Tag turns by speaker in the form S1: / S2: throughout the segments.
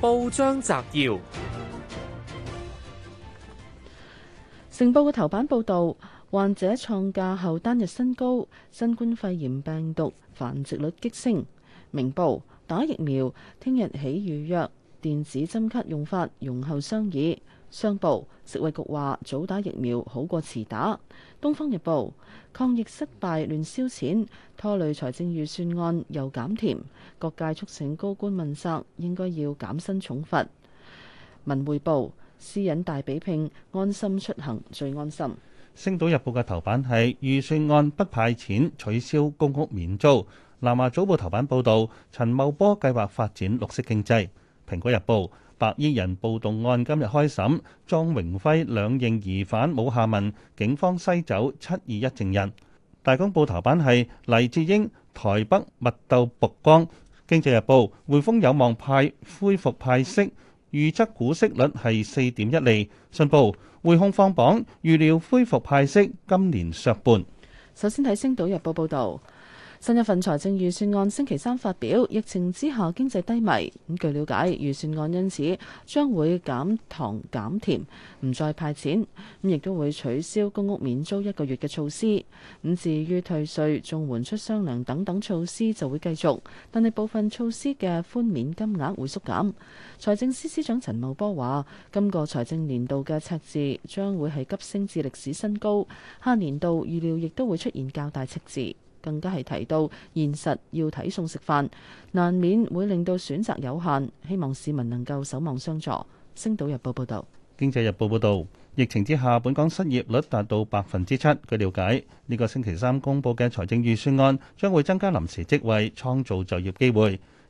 S1: 報章摘要：成報嘅頭版報道，患者創假後單日新高，新冠肺炎病毒繁殖率激升。明報打疫苗，聽日起預約，電子針卡用法容後商議。商報食衛局話，早打疫苗好過遲打。東方日報，抗疫失敗亂燒錢，拖累財政預算案又減甜，各界促請高官問責，應該要減薪重罰。文匯報，私隱大比拼，安心出行最安心。
S2: 星島日報嘅頭版係預算案不派錢，取消公屋免租。南華早報，頭版報道陳茂波計劃發展綠色經濟。蘋果日報白衣人暴動案今日開審，莊榮輝兩型疑犯冇下文，警方西走七二一證人。大公報頭版係黎智英，台北密斗曝光。經濟日報，匯豐有望派恢復派息，預測股息率係四點一厘。信報，匯控放榜，預料恢復派息，今年削半。
S1: 首先睇《星島日報》報道。新一份財政預算案星期三發表，疫情之下經濟低迷。咁據了解，預算案因此將會減糖減甜，唔再派錢。咁亦都會取消公屋免租一個月嘅措施。咁至於退稅、仲援出雙糧等等措施就會繼續，但係部分措施嘅寬免金額會縮減。財政司司長陳茂波話：今個財政年度嘅赤字將會係急升至歷史新高，下年度預料亦都會出現較大赤字。更加係提到現實要睇餸食飯，難免會令到選擇有限。希望市民能夠守望相助。星島日報報道：
S2: 經濟日報報道，疫情之下本港失業率達到百分之七。據了解，呢、這個星期三公佈嘅財政預算案將會增加臨時職位，創造就業機會。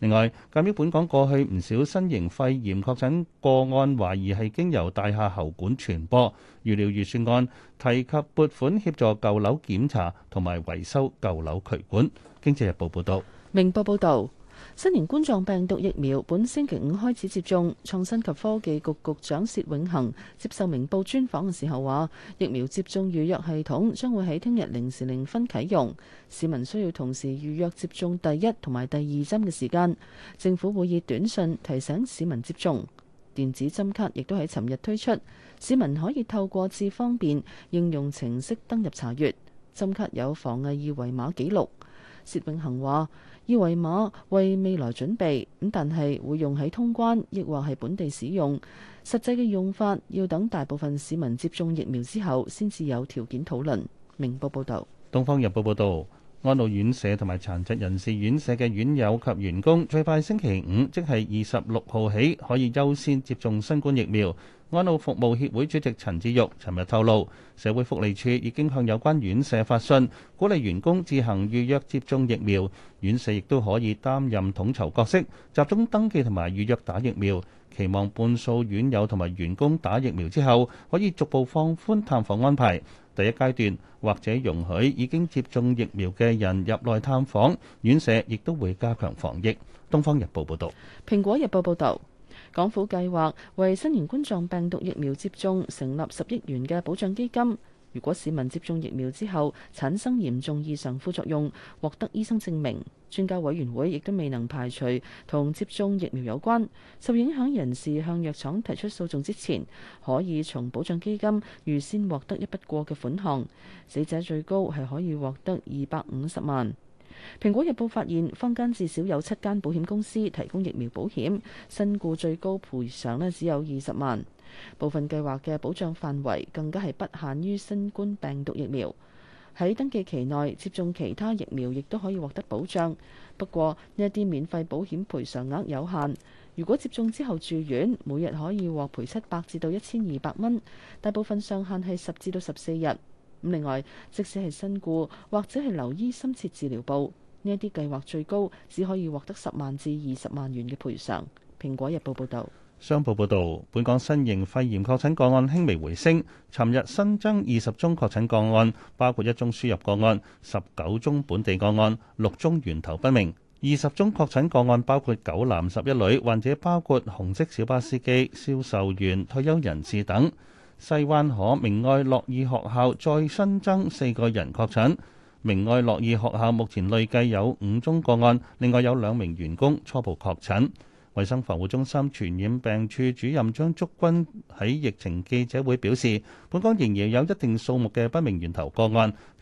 S2: 另外，鑒於本港過去唔少新型肺炎確診個案懷疑係經由大廈喉管傳播，預料預算案提及撥款協助舊樓檢查同埋維修舊樓渠管。經濟日報報道，
S1: 明報報道。新型冠狀病毒疫苗本星期五開始接種，創新及科技局局長薛永恆接受明報專訪嘅時候話：疫苗接種預約系統將會喺聽日零時零分啟用，市民需要同時預約接種第一同埋第二針嘅時間。政府會以短訊提醒市民接種。電子針卡亦都喺尋日推出，市民可以透過智方便應用程式登入查閲針卡有防偽二維碼記錄。薛永恒話：二維碼為未來準備，咁但係會用喺通關，亦或係本地使用。實際嘅用法要等大部分市民接種疫苗之後，先至有條件討論。明報報道：
S2: 《東方日報》報道，安老院舍同埋殘疾人士院舍嘅院友及員工，最快星期五，即係二十六號起，可以優先接種新冠疫苗。安老服務協會主席陳志玉尋日透露，社會福利署已經向有關院舍發信，鼓勵員工自行預約接種疫苗。院舍亦都可以擔任統籌角色，集中登記同埋預約打疫苗。期望半數院友同埋員工打疫苗之後，可以逐步放寬探訪安排。第一階段或者容許已經接種疫苗嘅人入內探訪。院舍亦都會加強防疫。《東方日報》報導，
S1: 《蘋果日報》報導。港府計劃為新型冠狀病毒疫苗接種成立十億元嘅保障基金。如果市民接種疫苗之後產生嚴重異常副作用，獲得醫生證明，專家委員會亦都未能排除同接種疫苗有關。受影響人士向藥廠提出訴訟之前，可以從保障基金預先獲得一筆過嘅款項。死者最高係可以獲得二百五十萬。《蘋果日報》發現，坊間至少有七間保險公司提供疫苗保險，身故最高賠償呢只有二十萬。部分計劃嘅保障範圍更加係不限於新冠病毒疫苗，喺登記期內接種其他疫苗亦都可以獲得保障。不過呢一啲免費保險賠償額有限，如果接種之後住院，每日可以獲賠七百至到一千二百蚊，大部分上限係十至到十四日。咁另外，即使係身故或者係留醫深切治療部，呢一啲計劃最高只可以獲得十萬至二十萬元嘅賠償。蘋果日報報道，
S2: 商報報道，本港新型肺炎確診個案輕微回升，尋日新增二十宗確診個案，包括一宗輸入個案、十九宗本地個案、六宗源頭不明。二十宗確診個案包括九男十一女，患者包括紅色小巴司機、銷售員、退休人士等。西灣河明愛樂意學校再新增四個人確診，明愛樂意學校目前累計有五宗個案，另外有兩名員工初步確診。衞生防護中心傳染病處主任張竹君喺疫情記者會表示，本港仍然有一定數目嘅不明源頭個案。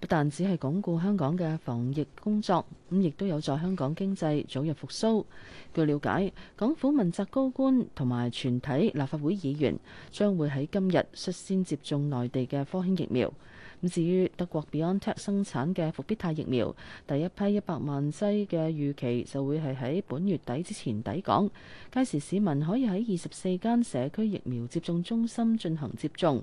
S1: 不但只係鞏固香港嘅防疫工作，咁亦都有助香港經濟早日復甦。據了解，港府問責高官同埋全體立法會議員將會喺今日率先接種內地嘅科興疫苗。咁至於德國 BioNTech 生產嘅復必泰疫苗，第一批一百萬劑嘅預期就會係喺本月底之前抵港。屆時市，市民可以喺二十四間社區疫苗接種中心進行接種。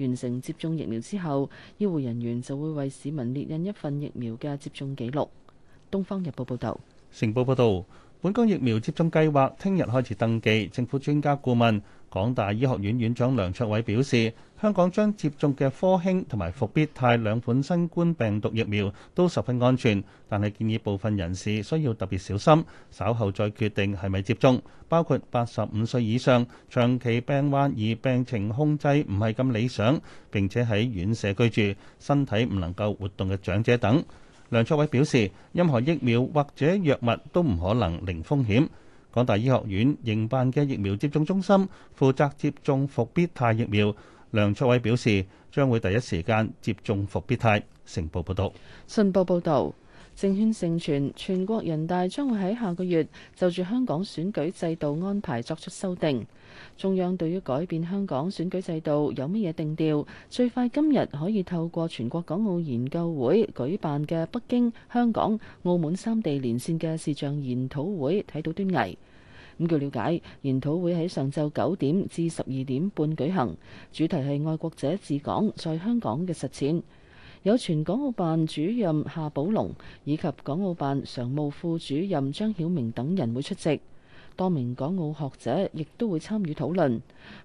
S1: 完成接種疫苗之後，醫護人員就會為市民列印一份疫苗嘅接種記錄。《東方日報》報道。
S2: 成報報道。本港疫苗接種計劃聽日開始登記。政府專家顧問、港大醫學院院長梁卓偉表示，香港將接種嘅科興同埋復必泰兩款新冠病毒疫苗都十分安全，但係建議部分人士需要特別小心，稍後再決定係咪接種，包括八十五歲以上、長期病患、以病情控制唔係咁理想、並且喺院舍居住、身體唔能夠活動嘅長者等。梁卓偉表示，任何疫苗或者藥物都唔可能零風險。港大醫學院營辦嘅疫苗接種中心負責接種復必泰疫苗。梁卓偉表示，將會第一時間接種復必泰。成報報導，
S1: 信報報導。政圈盛傳，全國人大將會喺下個月就住香港選舉制度安排作出修訂。中央對於改變香港選舉制度有乜嘢定調，最快今日可以透過全國港澳研究會舉辦嘅北京、香港、澳門三地連線嘅視像研討會睇到端倪。咁據了解，研討會喺上晝九點至十二點半舉行，主題係愛國者治港在香港嘅實踐。有前港澳辦主任夏寶龍以及港澳辦常務副主任張曉明等人會出席，多名港澳學者亦都會參與討論。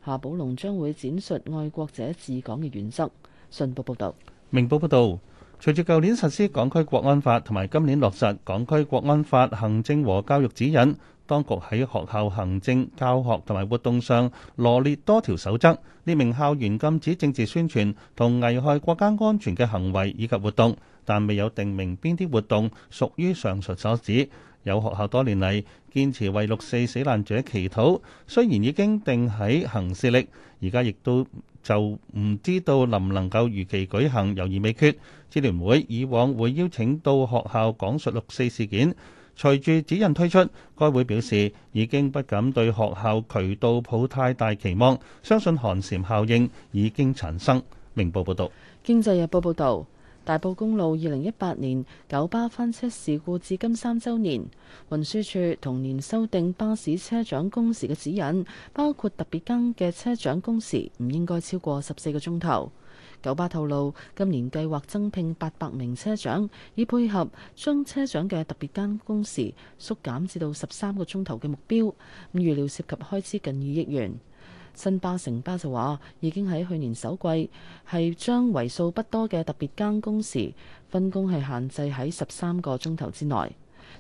S1: 夏寶龍將會展述愛國者治港嘅原則。信報報道，
S2: 明報報道：「隨住舊年實施港區國安法同埋今年落實港區國安法行政和教育指引。當局喺學校行政、教學同埋活動上羅列多條守則，列明校園禁止政治宣傳同危害國家安全嘅行為以及活動，但未有定明邊啲活動屬於上述所指。有學校多年嚟堅持為六四死難者祈禱，雖然已經定喺行事曆，而家亦都就唔知道能唔能夠如期舉行，猶豫未決。支聯會以往會邀請到學校講述六四事件。隨住指引推出，該會表示已經不敢對學校渠道抱太大期望，相信寒蟬效應已經產生。明報報導。
S1: 《經濟日報》報導，大埔公路二零一八年九巴翻車事故至今三週年，運輸處同年修訂巴士車長工時嘅指引，包括特別更嘅車長工時唔應該超過十四個鐘頭。九巴透露，今年計劃增聘八百名車長，以配合將車長嘅特別間工時縮減至到十三個鐘頭嘅目標，咁預料涉及開支近二億元。新巴、城巴就話，已經喺去年首季，係將為數不多嘅特別間工時分工係限制喺十三個鐘頭之內。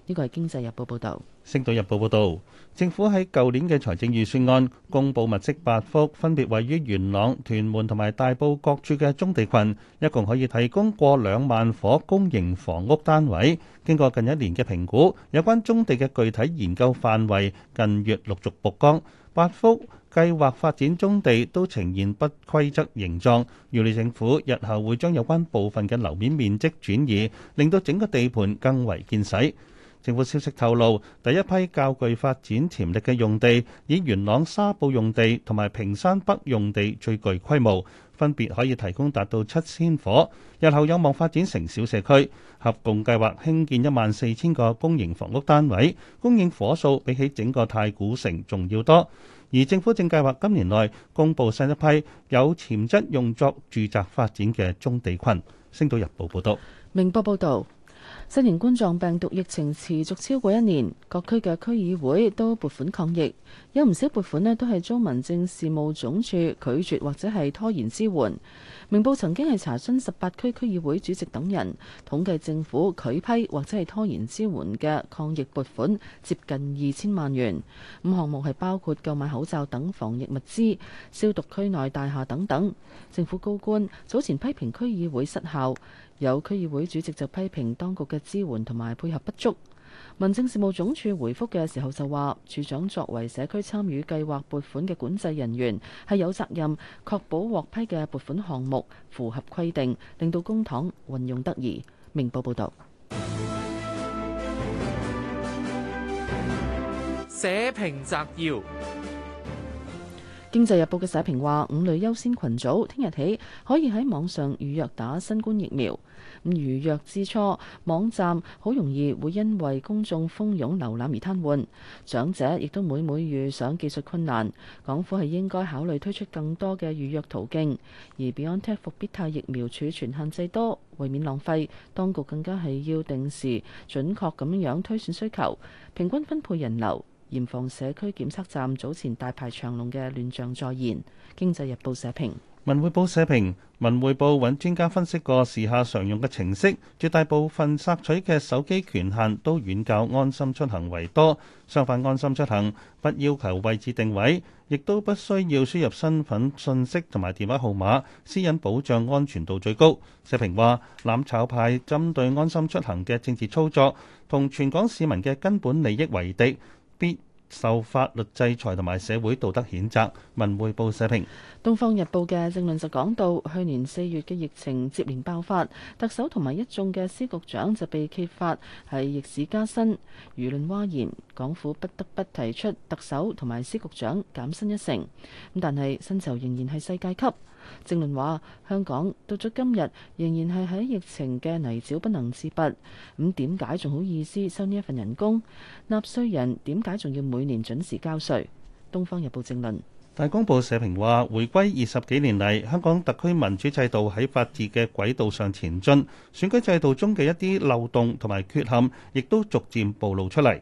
S1: 呢個係經濟日報報導，
S2: 《星島日報》報導，政府喺舊年嘅財政預算案公布物色八幅分別位於元朗、屯門同埋大埔各處嘅棕地羣，一共可以提供過兩萬伙公營房屋單位。經過近一年嘅評估，有關棕地嘅具體研究範圍近月陸續曝光。八幅計劃發展棕地都呈現不規則形狀，預料政府日後會將有關部分嘅樓面面積轉移，令到整個地盤更為見使。政府消息透露，第一批較具發展潛力嘅用地，以元朗沙埔用地同埋屏山北用地最具規模，分別可以提供達到七千伙。日後有望發展成小社區，合共計劃興建一萬四千個公營房屋單位，供應伙數比起整個太古城仲要多。而政府正計劃今年內公布新一批有潛質用作住宅發展嘅中地群。星島日報報道，
S1: 明報報道。新型冠狀病毒疫情持續超過一年，各區嘅區議會都撥款抗疫，有唔少撥款呢都係遭民政事務總署拒絕或者係拖延支援。明報曾經係查詢十八區區議會主席等人，統計政府拒批或者係拖延支援嘅抗疫撥款接近二千萬元，咁項目係包括購買口罩等防疫物資、消毒區內大廈等等。政府高官早前批評區議會失效，有區議會主席就批評當局嘅支援同埋配合不足。民政事務總署回復嘅時候就話，署長作為社區參與計劃撥款嘅管制人員，係有責任確保獲批嘅撥款項目符合規定，令到公帑運用得宜。明報報道。
S2: 社評摘要。
S1: 經濟日報嘅社評話：五類優先群組聽日起可以喺網上預約打新冠疫苗。咁預約之初，網站好容易會因為公眾蜂擁瀏覽而癱瘓。長者亦都每每遇上技術困難。港府係應該考慮推出更多嘅預約途徑。而 BioNTech 復必泰疫苗儲存限制多，為免浪費，當局更加係要定時準確咁樣推算需求，平均分配人流。嚴防社區檢測站早前大排長龍嘅亂象再現，《經濟日報》社評。
S2: 《文匯報》社評，《文匯報》揾專家分析過時下常用嘅程式，絕大部分索取嘅手機權限都遠較安心出行為多。相反，安心出行不要求位置定位，亦都不需要輸入身份信息同埋電話號碼，私隱保障安全度最高。社評話：攬炒派針對安心出行嘅政治操作，同全港市民嘅根本利益為敵必受法律制裁同埋社會道德譴責。文匯報社評，
S1: 東方日報嘅政論就講到，去年四月嘅疫情接連爆發，特首同埋一眾嘅司局長就被揭發係逆市加薪，輿論嘩然，港府不得不提出特首同埋司局長減薪一成，咁但係薪酬仍然係世界級。正論話香港到咗今日仍然係喺疫情嘅泥沼不能自拔。咁點解仲好意思收呢一份人工？納稅人點解仲要每年準時交稅？東方日報正論
S2: 大公報社評話，回歸二十幾年嚟，香港特區民主制度喺法治嘅軌道上前進，選舉制度中嘅一啲漏洞同埋缺陷，亦都逐漸暴露出嚟。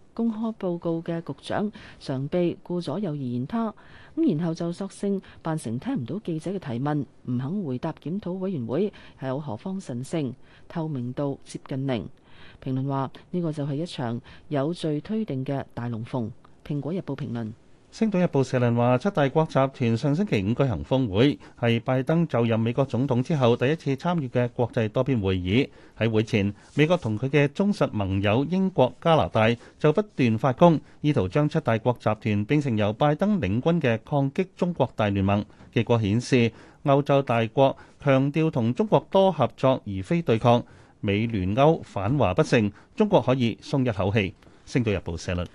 S1: 公開報告嘅局長常被顧左右而言他，咁然後就索性扮成聽唔到記者嘅提問，唔肯回答檢討委員會，係有何方神聖？透明度接近零。評論話呢個就係一場有罪推定嘅大龍鳳。蘋果日報評論。
S2: 《星島日報》社論話，七大國集團上星期五舉行峰會，係拜登就任美國總統之後第一次參與嘅國際多邊會議。喺會前，美國同佢嘅忠實盟友英國、加拿大就不斷發功，意圖將七大國集團變成由拜登領軍嘅抗擊中國大聯盟。結果顯示，歐洲大國強調同中國多合作而非對抗，美聯歐反華不成，中國可以鬆一口氣。《星島日報》社論。